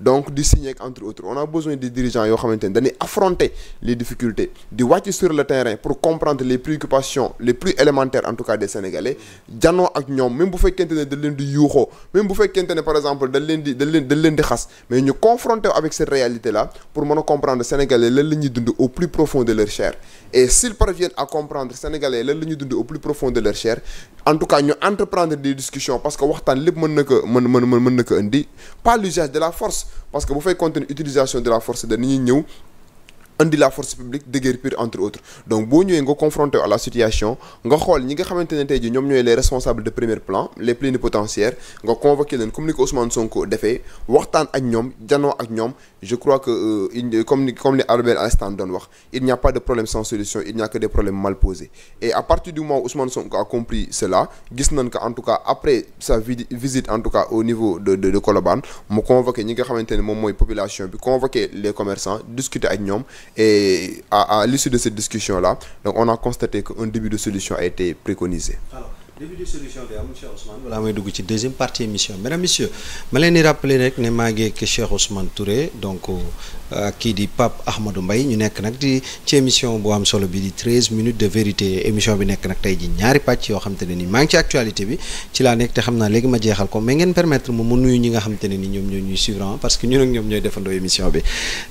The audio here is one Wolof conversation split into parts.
donc di signer entre autres on a besoin des dirigeants yoo xamante ni dañuy les difficultés di wàcc sur le terrain pour comprendre les préoccupations les plus élémentaires en tout cas des sénégalais janoo ak ñoom même bu fekkente ne leen di yuuxoo même bu fekkente ne par exemple dañ leen di xas mais ñu confronter avec cette réalité là pour mën a comprendre sénégalais lan la dund au plus profond leur chair et s'ils parviennent à comprendre la force parce que bu fay continuer utilisation de la force dañuy ñëw indi la force publique déguerpir entre autres donc boo ñëwee nga confronté à la situation nga xool ñi nga xamante tey ji ñoom ñooy les responsables de premier plan les plénipotentiaires nga convoqué leen comme ni ko Ousmane Sonko defee waxtaan ak ñoom janoo ak ñoom je crois que euh, il comme ni comme ni Albert Einstein doon wax il n'y a pas de problème sans solution il n'y a que problèmes mal posés et à partir du moment où Ousmane Sonko a compris cela gis nañ que en tout cas après sa visite en tout cas au niveau de de de Colobane mu moom mooy population bi convoqué les commerçants discuter Et à, à l'issue de cette discussion-là, on a constaté qu'un début de solution a été préconisé. de am monsieur Ousmane balaa may dugg ci deuxième partie émission mesdames messieurs ma leen di rappeler rek ne maa ngi ak Cheikh Ousmane Touré donc euh, kii di Pape Ahmadou Mbaye ñu nekk nag di ci émission bu am solo bi di treize minutes de vérité émission bi nekk nag tey ji ñaari pàcc yoo xam te ni maa ngi ci actualité bi ci laa nekk te xam naa léegi ma jeexal ko mais ngeen permettre ma mu nuyu ñi nga xam te ne ni ñoom ñoo ñuy suivre ah, parce que ñun ak ñoom ñooy defandoo bi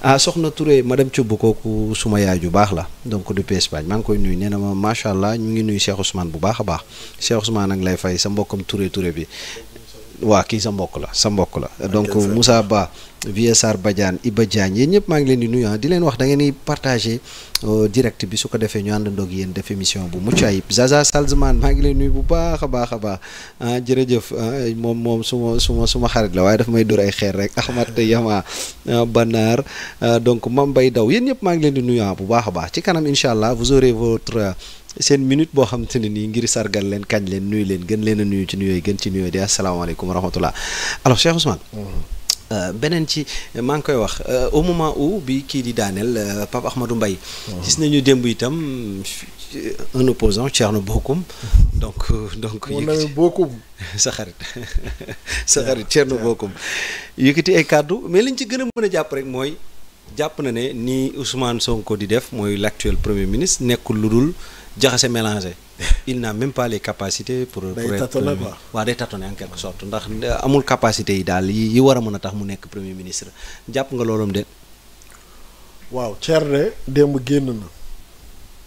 ah soxna Touré madame Thioub kooku suma yaay ju baax la donc depuis maa ngi koy nuyu nee na ma macha allah ñu ngi nuyu Cheikh Ousmane bu baax a Cheikh Ousmane a ngi lay fay sa mbokkam Touré Touré bi waa kii sa mbokk la sa mbokk la donc Moussa Ba Vieux Sarr Badiane Iba Diagne yéen ñëpp maa ngi leen di nuyu ah, di leen wax da ngeen di partager euh, direct bi su ko defee ñu àndandoog yéen def émission bu mucc ayib Zaza Salzman maa ngi leen nuyu bu baax a baax a baax ah jërëjëf ah, moom moom su ma suma suma xarit la waaye dafa may dóor ay xeer rek Ahmad Yama ah, Banaar donc Mame Bay Daw yéen ñëpp maa ngi leen di nuyu bu baax a baax ci kanam incha seen minute boo xam te ne nii ngir sargal leen kañ leen nuyu leen gën leen nuyu ci nuyooyu gën ci nuyoo di asalaamaaleykum wa rahmatullah alors Cheikh mm-hmm. euh, beneen ci maa ngi koy wax euh, au moment où bi kii di daaneel euh, Pape Ahmadou Mbaye mm-hmm. gis nañu démb itam un opposant na Bocoum mm-hmm. donc donc yëkkati Bocoum sa xarit sa xarit kàddu mais liñ ci gën a mën a jàpp rek mooy jàpp na ne ni Ousmane Sonko di def mooy l'actuel premier ministre nekkul lu dul jaxase mélangé il n'a même pas les pour pour être waaw day tâtonner en quelque sorte ndax euh, amul capacité yi daal yi war a mën a tax mu nekk premier ministre jàpp nga loolum de waaw Thierno démb génn na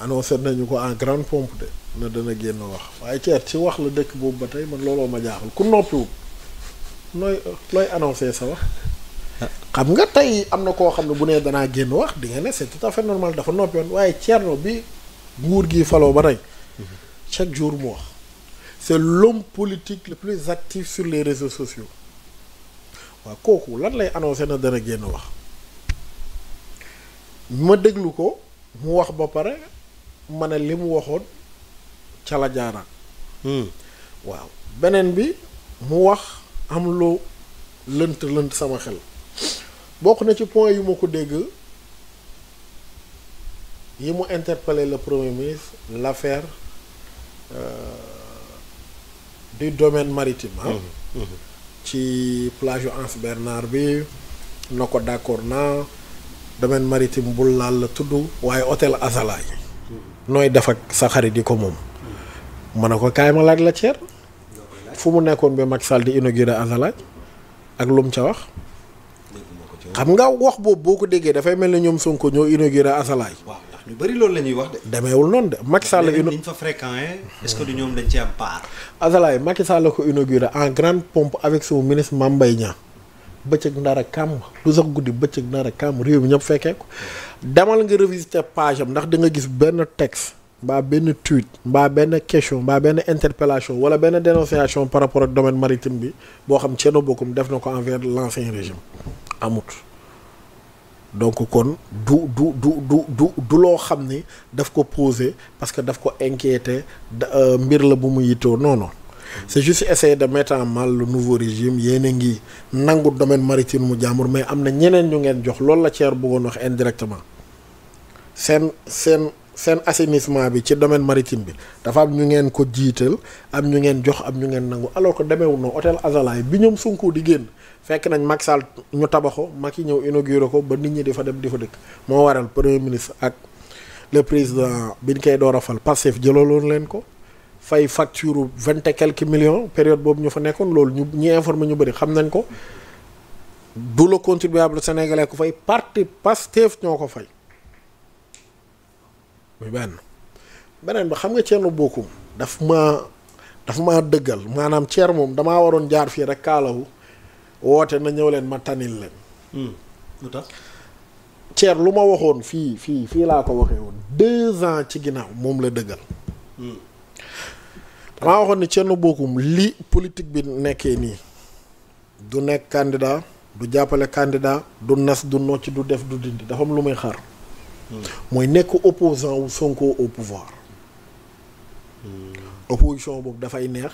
annoncé nañu ko en grande pompe de na dana génn wax waaye Thierno ci wax la dëkk boobu ba tey man looloo ma jaaxal ku noppiwul nooy looy annoncé sa wax xam nga tey am na koo xam ne bu nee danaa génn wax di nga ne c'est tout à fait normal dafa noppi woon waaye Thierno bi bu nguur gi faloo ba tey chaque jour mu wax c'est l'homme politique le plus active sur les réseaux sociaux waaw kooku lan lay annoncé na dana génn wax ma déglu ko mu wax ba pare mane li mu waxoon ca la jaaraat hmm. waaw beneen bi mu wax am lu lënt lënt sama xel bokk na ci point yu ma ko dégg yi mu interpellé la premier ministre l'affaire euh, du domaine maritime ah ci plage Anse Bernard bi na ko d'accord na domaine maritime bul laal la tudd waaye hôtel Azalaï mmh. nooy def ak sa xarit yi ko moom mën na ko kaay ma laaj la ceer fu mu nekkoon bi Macky Sall di inauguré Azalaï ak lu mu ca wax xam nga wax boobu boo ko déggee dafay mel ne ñoom Sonko ñoo inauguré Azalaï ñu bëri loolu la ñuy wax de. demeewul noonu de Macky Sall. ñu fa fréquenté est-ce que du ñoom dañ ci am part. Azalaay ko inauguré en grande pomp avec son ministre Mame Mbaye Niang bëccëg ndara kàmm du sax guddi bëccëg ndara kàmm réew mi ñëpp fekkee ko demal nga revisiter page am ndax da nga gis benn texte. mbaa benn tweet mbaa benn question mbaa benn interpellation wala benn dénonciation par rapport ak domaine maritime bi boo xam Thierno Bocoum def na ko envers l'ancien régime amut. donc kon du du du du du du loo xam ni daf ko poser parce que daf ko inquiéter euh, mbir la bu mu yittoo noonu non c'est juste essayer de mettre mal le nouveau régime yéen a ngi nangu domaine maritime mu jàmbur mais am na ñeneen ñu ngeen jox loolu la Thierre bëggoon wax indirectement seen seen. seen assainissement bi ci domaine maritime bi dafa am ñu ngeen ko jiital am ñu ngeen jox am ñu ngeen nangu alors que demeewul noonu hôtel Azalaï bi ñoom Sonko di génn fekk nañ Macky Sall ñu tabaxo yi ñëw inauguré ko ba nit ñi di fa dem di fa dëkk moo waral premier ministre ak le président bi ñu koy door a fal Pastef jëlaloon leen ko fay facture vingt et quelques millions période boobu ñu fa nekkoon loolu ñu ñu informé ñu bëri xam nañ ko du la contribuable ko fay parti Pastef ñoo ko fay. muy benn beneen ba xam nga Thierno Bocoum daf ma daf ma dëggal maanaam Thierno moom damaa waroon jaar fii rek kaalawu woote na ñëw leen ma tanil leen. Hmm. lu tax Thierno lu ma waxoon fii fii fii laa ko waxee woon deux ans ci ginnaaw moom la dëggal. Hmm. damaa waxoon ni Thierno Bocoum li politique bi nekkee nii du nekk candidat du jàppale candidat du nas du nocc du def du dindi dafam lu may xar mooy nekk opposant wu Sonko au pouvoir hmm. opposition boobu dafay neex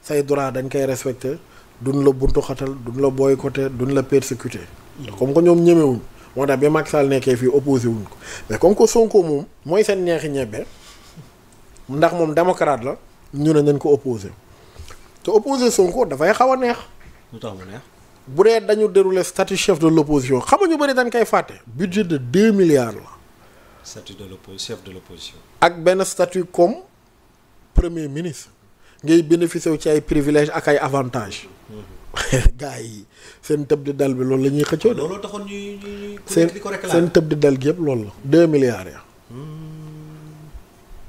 say droit dañ koy respecté duñ la buntu xatal duñ la boycotté duñ la persécuté hmm. comme que ñoom ñemewuñ moo tax bi Macky Sall nekkee fii opposé wuñ ko mais comme que Sonko moom mooy seen neexi ñebe ndax moom démocrate la ñu ne nañ ko opposé te opposé Sonko dafay xaw a neex lu tax mu bu dee dañu déroulé statut chef de l'opposition xam nga ñu bëri dañ koy fàtte budget de deux milliards la statut de l'opposition chef de l'opposition ak benn statut comme premier ministre ngay bénéficier wu ci ay privilèges ak ay avantages. Mhm. gars yi seen tëb di dal bi loolu la ñuy xëccoo. looloo taxoon ñuy ñuy seen seen tëb di dal gi yëpp loolu la. deux milliards ya hmm.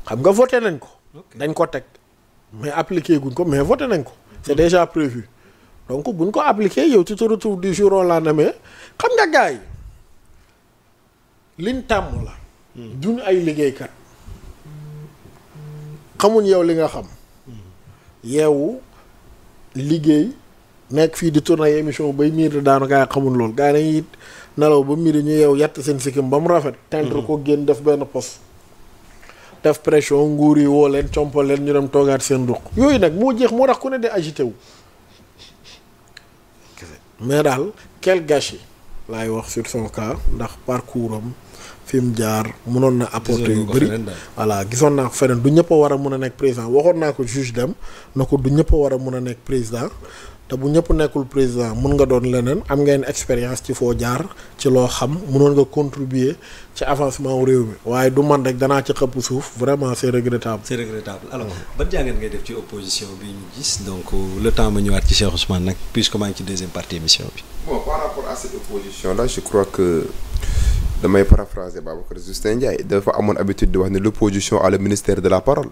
xam nga vote nañ ko. dañ ko teg mais appliqué guñ ko mais vote nañ ko. c'est déjà prévu donc buñ ko appliqué yow ci sa retour du jour au lendemain xam nga gars yi liñ tàmm la. duñ ay liggéeykat xamuñ yow li nga xam yeewu liggéey nekk fii di tourner émission bay miir daanu gaa yi xamuñ loolu gaa yi dañuy nelaw ba miir ñu yeew yàtt seen sikkim ba mu rafet teintre mm. ko génn def benn pos def pression nguur yi woo leen compal leen ñu dem toogaat seen ruq yooyu nag moo jeex moo tax ku ne de agité wu mais daal quel gâchis laay wax sur son ndax parcours fi mu jaar mënoon na apporter yu bëri voilà gisoon naa ko feneen du ñëpp a war a mun a nekk président waxoon naa ko juge dem na ko du ñëpp war a mun a nekk président te bu ñëpp nekkul président mun nga doon leneen am ngeen expérience ci foo jaar ci loo xam munoon nga contribuer ci avancement wu réew mi waaye du man rek danaa ci xëpp suuf vraiment c'est regrettable. c'est regrettable alors ban jàngat ngay def ci opposition bi ñu gis donc le temps ma ñëwaat ci Cheikh Ousmane nag puisque maa ngi ci deuxième par rapport à cette damay paraphraser Babacar Justin Ndiaye dafa amoon habitude di wax ne l'opposition à le ministère de la parole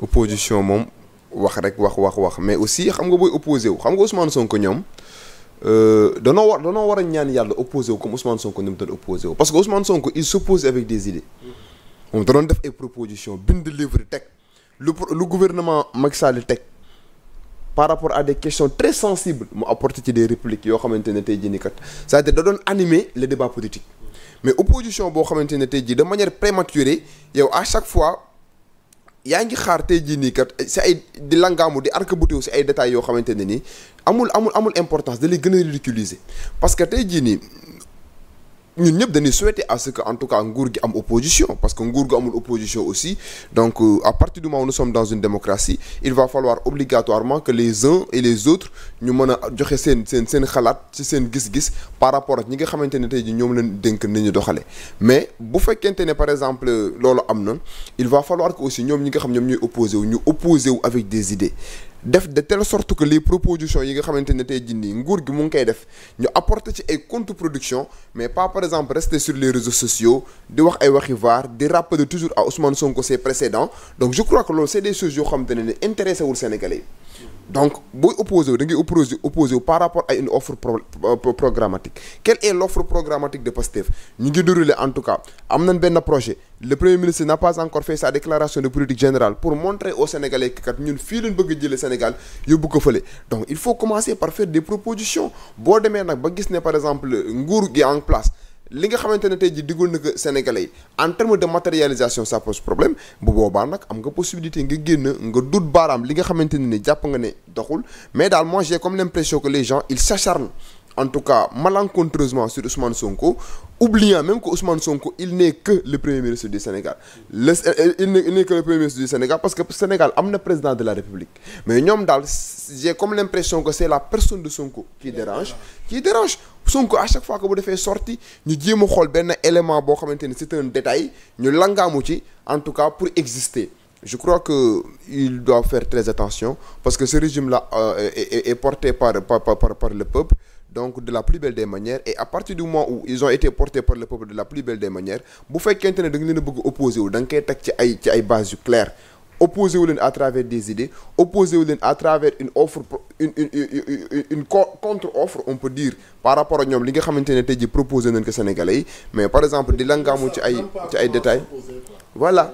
opposition moom wax rek wax wax wax mais aussi xam nga booy opposé wu xam nga Ousmane Sonko ñoom euh, danoo war danoo war a ñaan yàlla opposé wu comme Ousmane Sonko ni mu doon opposé parce que Ousmane Sonko il s'oppose avec des idées moom da def ay propositions bind livre teg lu lu gouvernement Macky Sall teg par rapport à des questions très sensibles mu apporté ci des répliques yoo xamante ne tey jii nii kat cest à le débat mais opposition boo xamante ne tey jii de manière prématurée yow à chaque fois yaa ngi xaar tey jii nii kat si ay di langaamu di arc-bouté si ay détails yoo xamante ne nii amul amul amul importance da lay gën a ridiculiser parce que tey jii nii. ñu ñëpp dañuy souhaiter à ce que en tout cas nguur gi am opposition parce que nguur gu amul opposition aussi donc euh, à parti du moment où nous sommes dans une démocratie il va falloir obligatoirement que les uns et les autres ñu mën a joxe seen seen seen xalaat ci seen gis-gis par rapport ak ñi nga xamante ne tey ji ñoom leen dénk nañu doxale mais bu fekkente ne par exemple loolu am na il va falloir que aussi ñoom ñi nga xam ñoom ñooy opposé wu ñu opposé wu avec def de telle sorte que les propositions yi nga xamante ne tey jii nguur gi mu ngi koy def ñu apporter ci ay contre production mais pas par exemple rester sur les réseaux sociaux di wax ay waxi vaar di rappeler toujours à Ousmane Sonko ses précédents donc je crois que loolu c'est des choses yoo xamante ne intéressé wul Sénégalais yi donc booy opposé wu da ngay par rapport à une offre pro euh, programmatique quelle est l' programmatique de Pastef ñu ngi déroulé en tout cas am nañ benn projet le premier ministre n'a pas encore fait sa déclaration de politique générale pour montrer aux Sénégalais que kat ñun fii lañ bëgg a jëlee Sénégal yóbbu ko fële donc il faut commencer par faire des propositions boo demee nag ba gis ne par exemple nguur gi en place li nga xamante ne tey ji diggoon na ko sénégalais yi en terme de matérialisation ça pose problème bu boobaa nag am nga possibilité nga génn nga dut baaraam li nga xamante ne ni jàpp nga ne doxul mais daal moi j'ai comme l'impression que les gens ils s'acharnent en tout cas malencontreusement sur Ousmane Sonko oubliant même que Ousmane Sonko il n'est que le premier ministre du Sénégal le euh, il n'est que le premier ministre du Sénégal parce que Sénégal am na président de la République mais ñoom daal j'ai comme l'impression que c'est la personne de Sonko qui dérange qui dérange Sonko à chaque fois que bu defee sorti ñu jéem a xool benn élément boo xamante ni c'est un détail ñu langaamu ci en tout cas pour exister je crois que il doit faire parce que ce régime-là euh, est, est, est porté par par par donc de la plus belle des manières et à partir du moment où ils ont été portés par le peuple de la plus belle des manières bu fekkente ne da nga leen a bëgg opposé wu da nga koy ci ay ci ay bases yu claires opposé leen à travers des idées opposé wu leen à travers une offre une une une une contre-offre on peut dire par rapport ñoom li nga xamante ne tey ji proposé nañ ko Sénégalais yi mais par exemple di langaamu ci ay ci ay voilà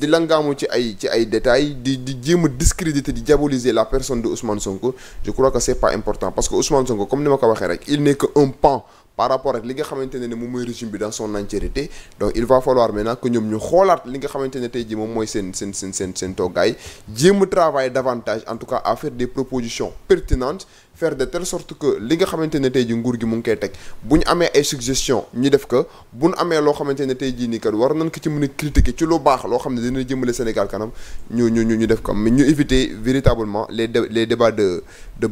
di langaamu ci ay ci ay détails di di jéem discrédité discréditer di diaboliser la personne de Ousmane Sonko je crois c'est pas important parce que Ousmane Sonko comme ni ma ko waxee rek il n'est un pan par rapport ak li nga xamante ne ni moom mooy régime bi dans son entièreté donc il va falloir maintenant que ñoom ñu xoolaat li nga xamante ne tey ji moom mooy seen seen seen seen seen toggaay jéem a davantage en tout cas à faire des propositions pertinentes faire de telle sorte que li nga xamante ne tey ji nguur gi mu ngi koy teg bu ñu amee ay suggestion ñu def ko bu ñu amee loo xamante ne tey ji nii kat war nañ ko ci mën a critiquer ci lu baax loo xam ne dina ñu ñu ko mais ñu éviter véritablement les les débats de de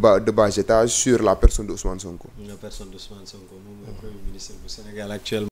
moom mooy premier ministre bu Sénégal actuellement.